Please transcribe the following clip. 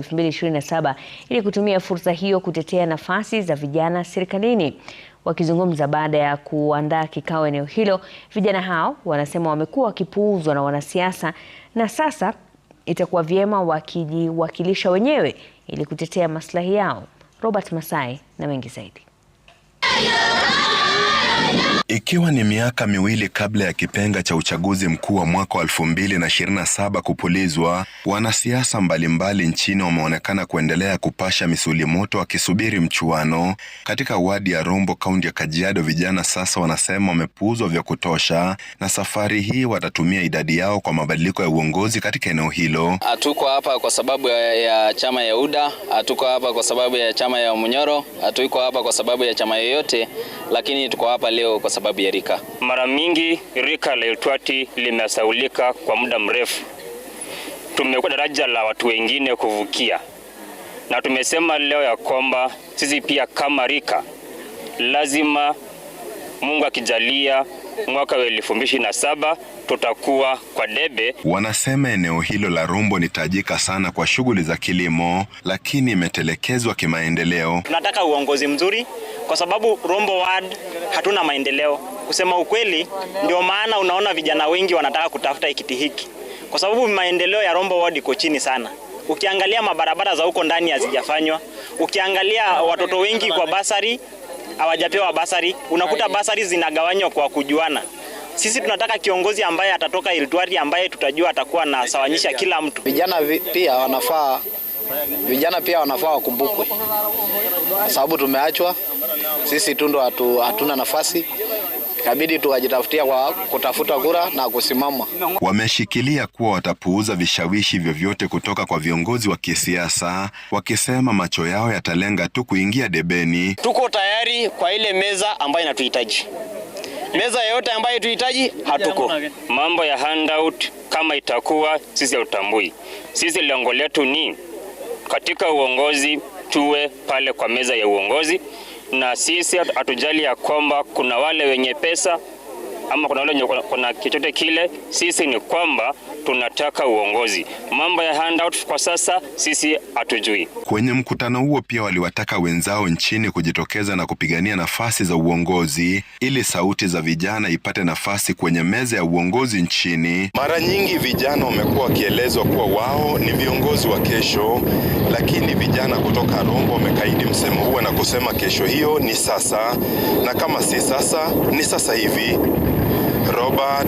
2027 ili kutumia fursa hiyo kutetea nafasi za vijana serikalini. Wakizungumza baada ya kuandaa kikao eneo hilo, vijana hao wanasema wamekuwa wakipuuzwa na wanasiasa na sasa itakuwa vyema wakijiwakilisha wenyewe ili kutetea maslahi yao. Robert Masai na mengi zaidi. Ikiwa ni miaka miwili kabla ya kipenga cha uchaguzi mkuu wa mwaka wa 2027 kupulizwa, wanasiasa mbalimbali nchini wameonekana kuendelea kupasha misuli moto wakisubiri mchuano. Katika wadi ya Rombo, kaunti ya Kajiado, vijana sasa wanasema wamepuuzwa vya kutosha na safari hii watatumia idadi yao kwa mabadiliko ya uongozi katika eneo hilo. Hatuko hapa kwa sababu ya, ya chama ya UDA, hatuko hapa kwa sababu ya chama ya Munyoro, hatuko hapa kwa sababu ya chama yoyote, lakini tuko hapa leo kwa sababu sababu ya rika. Mara mingi rika la Iltwati limesaulika kwa muda mrefu, tumekuwa daraja la watu wengine kuvukia, na tumesema leo ya kwamba sisi pia kama rika lazima Mungu akijalia mwaka wa elfu mbili ishirini na saba tutakuwa kwa debe. Wanasema eneo hilo la Rombo ni tajika sana kwa shughuli za kilimo, lakini imetelekezwa kimaendeleo. Tunataka uongozi mzuri kwa sababu Rombo ward hatuna maendeleo kusema ukweli. Ndio maana unaona vijana wengi wanataka kutafuta ikiti hiki kwa sababu maendeleo ya Rombo ward iko chini sana. Ukiangalia mabarabara za huko ndani hazijafanywa, ukiangalia watoto wengi kwa basari hawajapewa basari. Unakuta basari zinagawanywa kwa kujuana. Sisi tunataka kiongozi ambaye atatoka Iltwari ambaye tutajua atakuwa anasawanyisha kila mtu. Vijana pia wanafaa vijana pia wanafaa wakumbukwe, sababu tumeachwa sisi tu ndo hatuna nafasi itabidi tukajitafutia kwa kutafuta kura na kusimama. Wameshikilia kuwa watapuuza vishawishi vyovyote kutoka kwa viongozi wa kisiasa, wakisema macho yao yatalenga tu kuingia debeni. Tuko tayari kwa ile meza ambayo inatuhitaji meza yoyote ambayo tuhitaji, hatuko. Mambo ya handout kama itakuwa, sisi hatutambui. Sisi lengo letu ni katika uongozi, tuwe pale kwa meza ya uongozi na sisi hatujali ya kwamba kuna wale wenye pesa ama kuna wale kuna chochote kile, sisi ni kwamba tunataka uongozi. Mambo ya handout kwa sasa sisi hatujui. Kwenye mkutano huo pia waliwataka wenzao nchini kujitokeza na kupigania nafasi za uongozi ili sauti za vijana ipate nafasi kwenye meza ya uongozi nchini. Mara nyingi vijana wamekuwa wakielezwa kuwa wao ni viongozi wa kesho, lakini vijana kutoka Rombo wamekaidi msemo huo na kusema kesho hiyo ni sasa, na kama si sasa ni sasa hivi. Robot.